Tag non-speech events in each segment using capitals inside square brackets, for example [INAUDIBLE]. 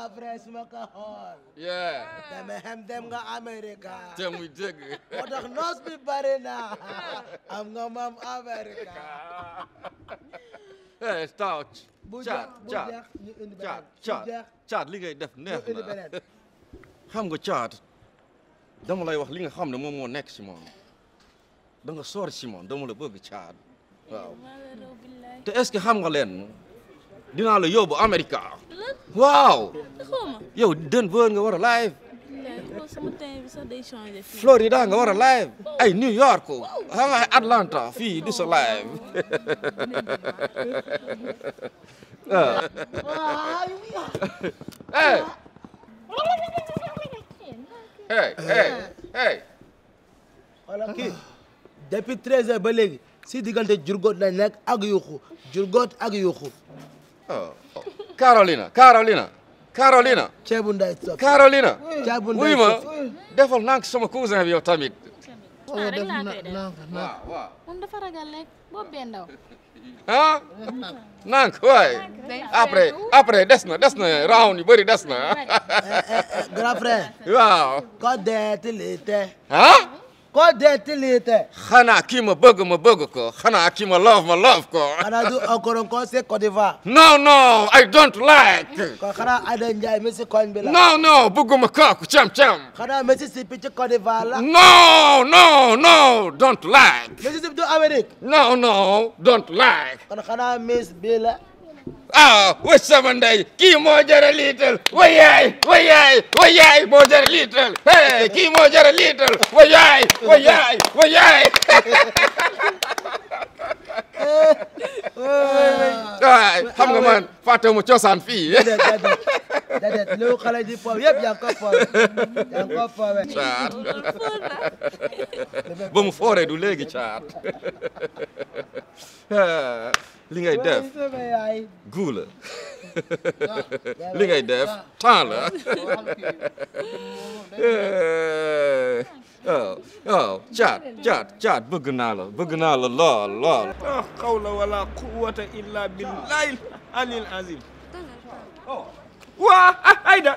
nga France ma ko xool. yeah. dama xam dem nga America. te muy dëgg. moo tax noos bi bari na am nga maam America. [LAUGHS] eh staaw. bu jeex bu jeex ñu indi beneen caat caat caat li ngay def neex na xam nga caat dama lay wax li nga xam ne moom moo nekk si moom da nga soor si moom dama la bëgg caat waaw te est-ce que xam nga leen dinaa la yóbbu America. Wow! Como? Yo, Denver nga war a live. Florida nga war a live. New York, ay Atlanta, fii du sa live. Hey! Hey, hey, hey. Voilà kii depuis treize heures ba léegi si diggante jurgoot lañ nekk ak yuuxu jurgoot ak yuuxu. Carolina Carolina Carolina. ceebu nday Sophie Carolina. ceebu nday bi yow tamit. nank ah? [LAUGHS] waay après après des na des round yu bëri des na. [LAUGHS] Eh, eh, eh, grand frère. ko deeti lii ah. قد تليت خنا كيما بوغ ما بوغكو خنا كيما لوف ما لوفكو انا دو اكورن كو سي كوت ديفوار نو نو اي دونت لايك كو خنا ادا نجاي ميسي كون بلا نو نو بوغ ما كاكو تشام تشام خنا ميسي سي بيتش كوت ديفوار لا نو نو نو دونت لايك ميسي سي دو امريك نو نو دونت لايك خنا ميس بلا ah wa sama ndey kii moo jara liital wa yaay wa yaay xam nga man fàtte mu cosaan fii déedéet lu ba mu fooree du léegi caat li def goût [LAUGHS] [LAUGHS] eh, la li ngay def temps la waaw waaw caat caat caat bëgg naa la bëgg naa la lool lool ah xawla wala quwwata illa billahi alil azim waa ayda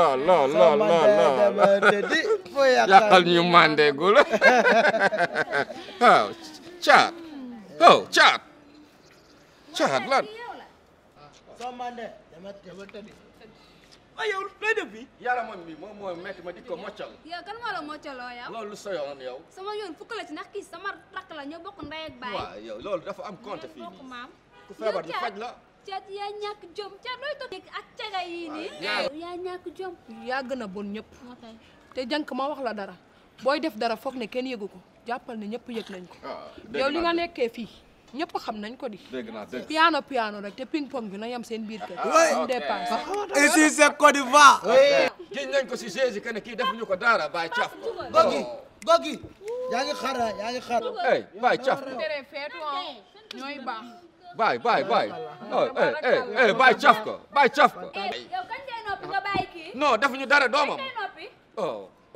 waaw Law, lool lool lool yàqal ñu mandeegul waaw oh caat ah, [LAUGHS] شهر لا sommande dematte wattani ayow looy def fii yàlla moom mi moom mooy metti ma di ko moccal yow kan moo la moccaloo lu sa yoon yow sama fokus lagi nak ci ndax kii sama rakk la ñoo bokk ndey ak baay waaw yow loolu Kau am compte fii nii maam ku feebar di faj la caat yaa ñàkk jom caat looy toog ak caga yii nii jom yaa gak nabon nyep. ñëpp te jànk ma wax la def dara foog ne kenn yëgu ko jàppal ne ñëpp yëg nañ ñëpp xam nañ ko di. dégg naa dégg piano piano rek te ping pong bi na yam seen biir kër. waaw ah, ok ici c'est Côte d'Ivoire. jiñ nañ ko si Jésus que ne kii defuñu ko dara bàyyi caaf ko. Oh. gogi gogi yaa ngi xaar yaa ngi xaar. hey bàyyi caaf ko. Ah. ñooy baax. bàyyi bàyyi ko bàyyi caaf ko. Eh, defuñu dara doomam.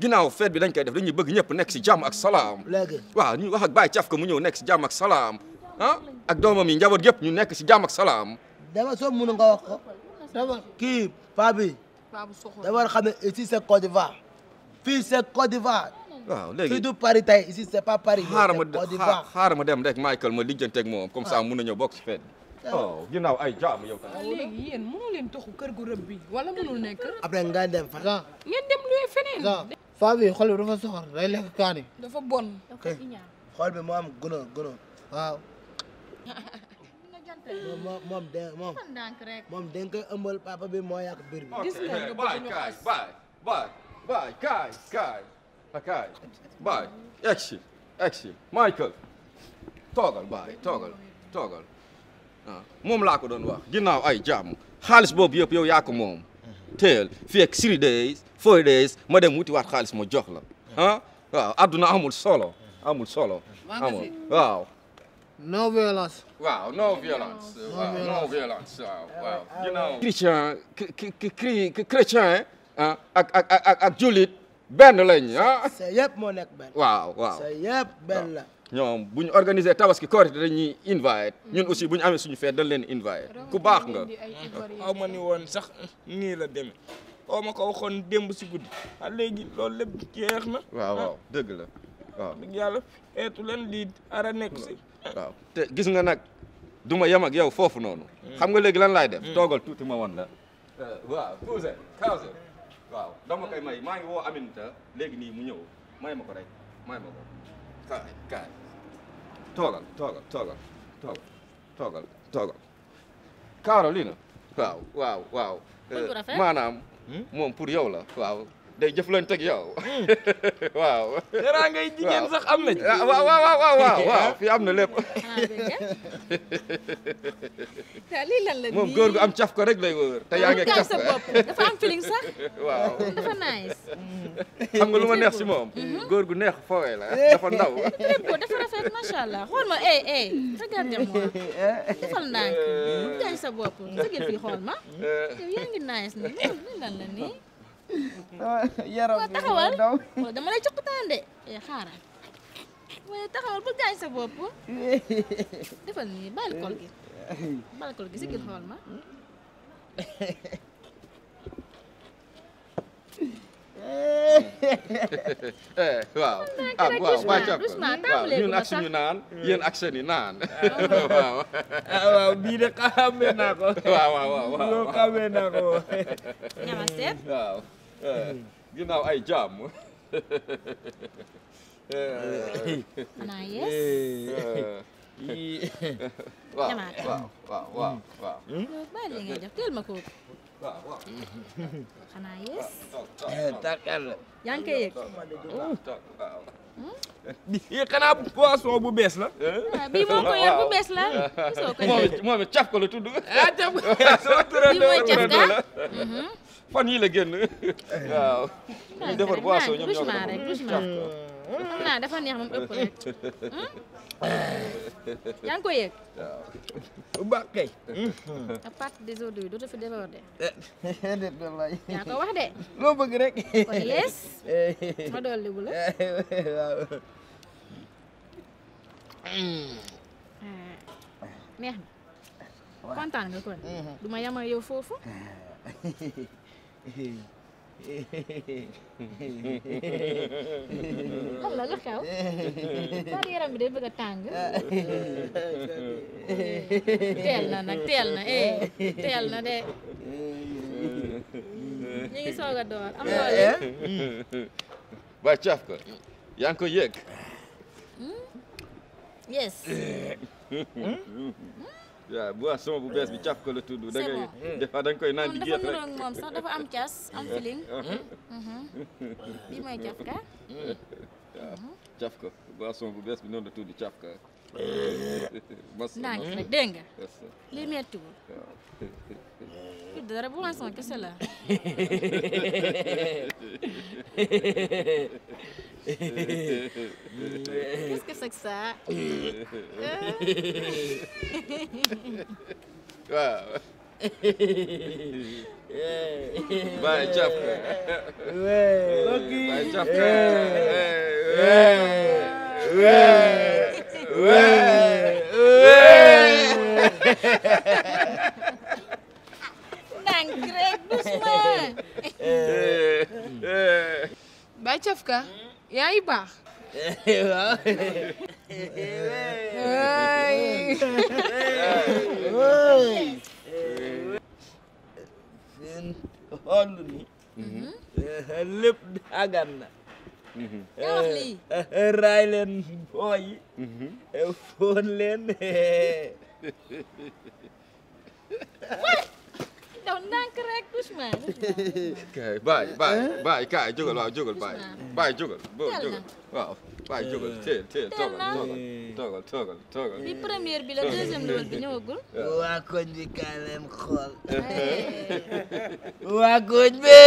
ginaaw fête bi dañ koy def dañuy bëgg ñëpp nekk ci jamm ak salaam waaw ñu wax ak Baye tiaf ko mu ñëw nekk ci jamm ak salaam ah ak doomam yi njabot yëpp ñu nekk ci jamm ak salaam dama so mu nga wax ko dama ki paa bi da war xam ne ici c'est Côte d'Ivoire fi c'est Côte d'Ivoire waaw léegi fii du Paris tay ici c'est pas Paris harama harama dem rek Michael ma ak mom comme ça ah. mu na ñëw bokk fête ah. oh ginnaaw ay jam yow tam. léegi yéen mënu len taxu kër gu rëb bi wala mënul nekk. après nga dem fa. ngeen dem luy fenen. faa bi xol bi dafa soxor day lekk kaani. dafa bon. xol moom moom den moom moom den papa bi moo yàq biir bi. kaay baay baay Michael toogal baay toogal ah, moom laa ko doon wax ginnaaw ay jàmm xaalis boobu yëpp yow yaa ko moom. téyel fii three days four days ma dem wuti waat xaalis ma jox la ah waaw adduna amul solo amul solo amul waaw no violence ak ak ak ak ah yëpp moo nekk benn waaw waaw ñoom bu ñu organiser tabaski koorite dañuy invite ñun aussi bu ñu amee suñu feet dañ leen invite ku baax nga aw ma ni woon sax nii la demee oo ma ko waxoon démb si guddi ah léegi loolu lépp jeex na waaw ah. waaw dëgg la waaw dëgg yàlla eetu leen lii ara nekk si waaw te gis nga nag du ma yem ak yow foofu noonu hmm. xam nga léegi lan laay def hmm. toogal tuuti ma woon la euh, waaw cousin cousin waaw dama koy may maa ngi woo Aminata léegi nii mu ñëw may ma rek may ma toogal kaay toogal toogal toogal toogal toogal toogal Carolina waaw waaw waaw eh, maanaam hmm? moom pour yow la waaw day jëflante ak yow. Hmm. [LAUGHS] waaw. dara ngay jigéen sax am na. Ah, waaw waaw waaw [LAUGHS] waaw fii am na lépp. ah [LAUGHS] lii lan la moom góor gu am caf ko rek lay wër. te yaa ngi caf sa bopp dafa am feeling sax. waaw dafa nice. xam nga lu ma neex si moom. Mm-hmm. góor gu neex foowee la dafa ndaw. lépp dafa rafet macha allah xool ma eh eh regarde moi defal ndànk. mu gaañ sa bopp sëgg fii xool ma. Eh. yow yaa ngi nice nii lan la nii. yaram taxawal wala dama lay cokkataan de eh xaaral waaye taxawal bu gaañ sa bopp defal nii bàyyi kol gi bàyyi kol gi ah wow. waa Thiam waaw ñun ak suñu naan yéen ak seen Wow, naan oh. [LAUGHS] waaw. ah waaw wow, wow. xamee naa ko. waaw waaw Wow. Eh, ginnaaw ay jaam. xanaa [LAUGHS] eh, eh. yees. waaw waaw waaw mm. waaw. Mm. yow bàyyi li ngay def teel ma kooku. waaw waaw. xanaa yees. tàkkal la. yaa ngi koy yëg. Oh. bii xanaa boisson bu bees la. Ah, bii moo ko yor bu bees la. moom it ko la tudd. ah caf ko. [LAUGHS] bii mooy caf ka. fan yii la génn eh. waaw. Ah, ñu defar boisson ñoom ñoo ko defar xam ah, naa dafa neex moom ëpp rek. Hmm? yaa ngi koy yëg. des aujourd'hui dootoo fi déborder. déedéet eh, [LAUGHS] wallaay. yaa wax de. loo bëgg kon lees. Eh. ma dolli bu la. Hmm. Ah. neex na. kontaan nga kon. Hmm. du ma yama yow foofu. [LAUGHS] lan la lu xew sa yaram bi day bëgg a tàng na nag teel na de ñu ngi soog door am doole waaye ko yaa ngi ko yëg yes [LAUGHS] waaw boisson bu bees bi tout ko la tudd. da ngay [LAUGHS] des je da nga koy naan di jeex rek dafa mom sax dafa am tias am [LAUGHS] feeling. bii hmm? hmm? hmm. mooy caf ka. waaw ko boisson bu bees bi noonu la tudd caf ka. [LAUGHS] mas naa ngi rek dégg nga. lii tout dara boisson kese la. Qu'est-ce que c'est que ça? Wow. Vai, Jafra. bar. seen xool ni. lépp dagan na. wax lii. raay leen daw ndànk rek Ousmane. kay bàyyi bàyyi waaw jógal bàyyi. bàyyi jógal boo jógal waaw bàyyi jógal teel teel toogal toogal toogal toogal. bi bi la deuxième waa koñ bi kaay leen waa koñ bi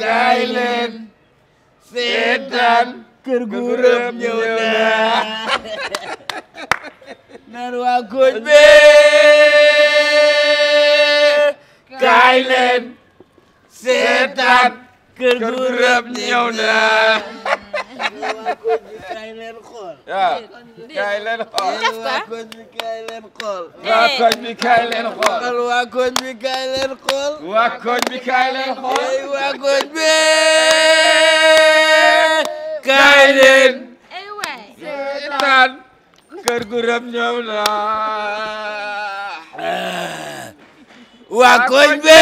kaay leen seetaan kër gu rëb ñëw naar waa koñ be kaay leen seetaan kër gu rëb ñëw na waa koñ bi kaay leen xool waaw kaay leen xool waa koñ bi kaay leen xool waa koñ bi kaay leen xool waa koñ bi kaay leen xool waa koñ bi kaay leen xool waa koñ be kaay leen seetaan kër ah. waa koñ be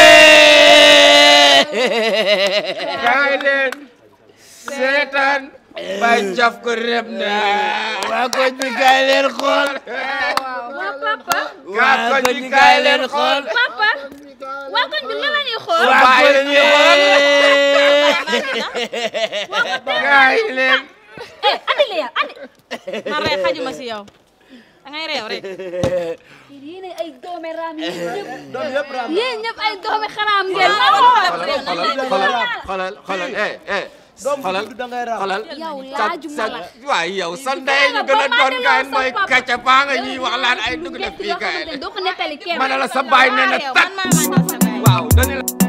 kaay [LAUGHS] leen seetaan ba jaf ko waa koñ bi kaay xool waa koñ bi kaay xool waa koñ bi la xool Eh, andi lihat, andi. Nah, Marek aja masih yow. Angay rew rek. Ini ay dome ram. Dom yep ram. Yen yep ay dome kharam gel. Khalal khalal khalal eh eh. Dom xalal xalal waay yow Wah ndey ñu gën a doon kaay mooy kacca baa nga ñuy wax laan ay dugg na fii kaay. ma na tat waaw dañu